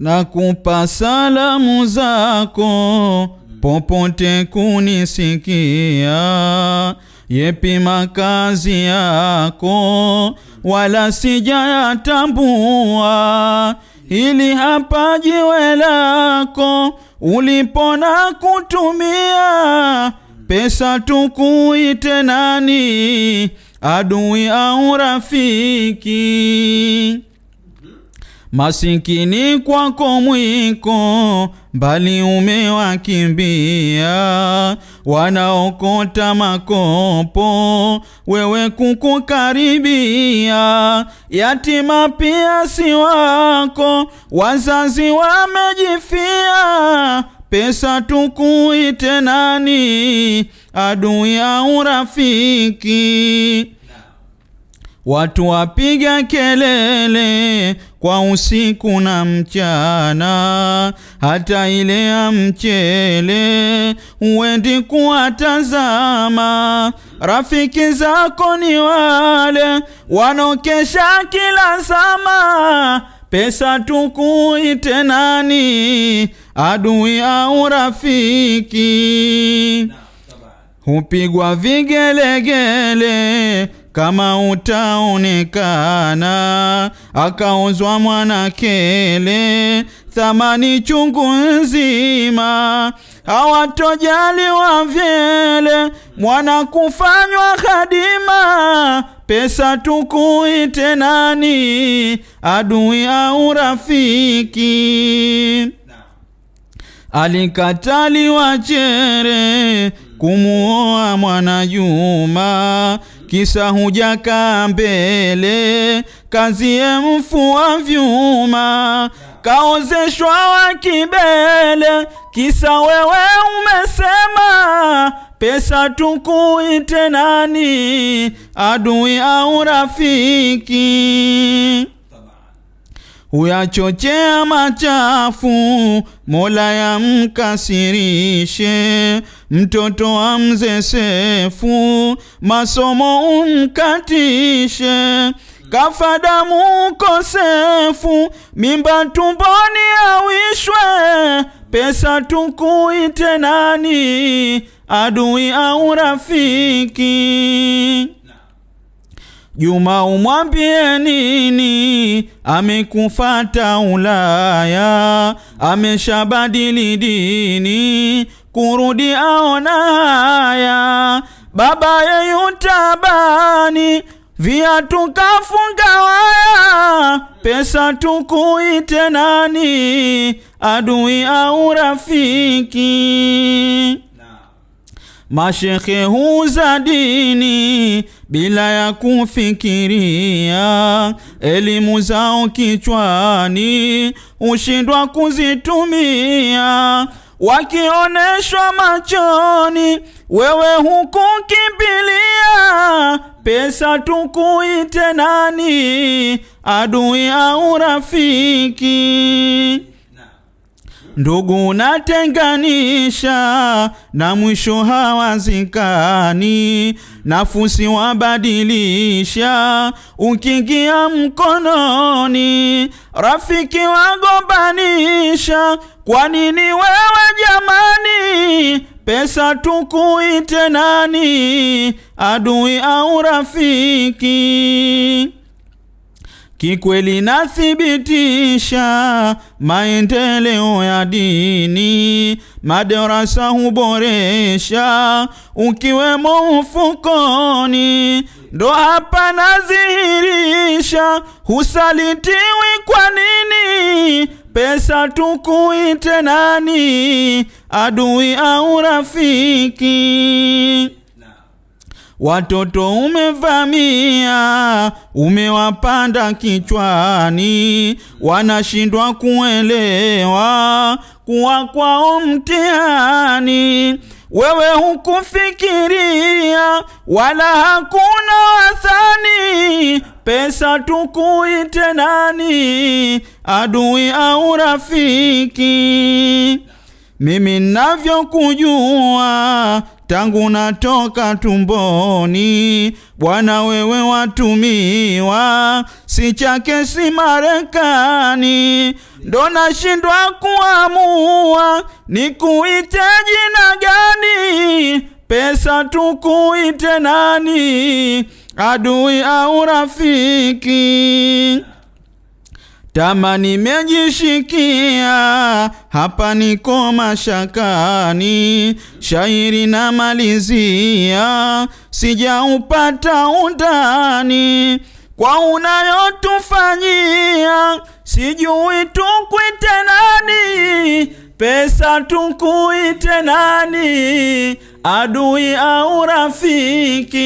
na kumpa salamu zako popote kunisikia, yepi makazi yako, wala sijayatambua. Hili hapa jiwe lako ulipona kutumia pesa tukuite nani, adui au rafiki? Masikini kwako mwiko mbali umewakimbia, wanaokota makopo wewe kukukaribia. Yatima pia si wako, wazazi wamejifia pesa tukuite nani? Adui ya urafiki, watu wapiga kelele kwa usiku na mchana, hata ile ya mchele uendi kuwatazama. Rafiki zako ni wale wanokesha kila sama, pesa tukuite nani, adui au rafiki? Hupigwa vigelegele kama utaonekana akaozwa mwanakele, thamani chungu nzima, hawatojaliwa vyele, mwana kufanywa hadima, pesa tukuite nani, adui au rafiki? Alikataliwa chere kumuoa mwana Juma kisha hujaka mbele kazie mfu wa vyuma kaozeshwa wa kibele, kisa wewe umesema pesa tukuite nani, adui au rafiki? huyachochea machafu, Mola yamkasirishe. Mtoto wa mzee Sefu masomo umkatishe, kafa damu kosefu, mimba tumboni awishwe, pesa tukuite nani, adui au rafiki? Juma umwambie nini? Amekufata Ulaya, ameshabadili dini, kurudi aona haya. Baba yeyutabani, via tukafunga waya, pesa tukuite nani? Adui au rafiki? Mashekhe huza dini bila ya kufikiria, elimu zao kichwani ushindwa kuzitumia. Wakioneshwa machoni, wewe hukukimbilia pesa tukuite nani, adui au rafiki? ndugu unatenganisha na mwisho hawazikani, nafusi wabadilisha ukingia mkononi, rafiki wagombanisha. Kwa nini wewe jamani, pesa tukuite nani, adui au rafiki? Kikweli nathibitisha maendeleo ya dini, madarasa huboresha ukiwemo ufukoni, ndo hapa nazihirisha husalitiwi kwa nini? Pesa tukuite nani, adui au rafiki? Watoto umevamia, umewapanda kichwani, wanashindwa kuelewa kuwa kwao mtihani. Wewe hukufikiria wala hakuna wathani, pesa tukuite nani, adui au rafiki? mimi navyokujua tangu natoka tumboni, Bwana wewe watumiwa, si chake si Marekani, ndo nashindwa kuamua nikuite jina gani, pesa tukuite nani, adui au rafiki? Tama nimejishikia hapa niko mashakani, shairi na malizia sijaupata undani, kwa unayotufanyia sijui tukuite nani, pesa tukuite nani, adui au rafiki?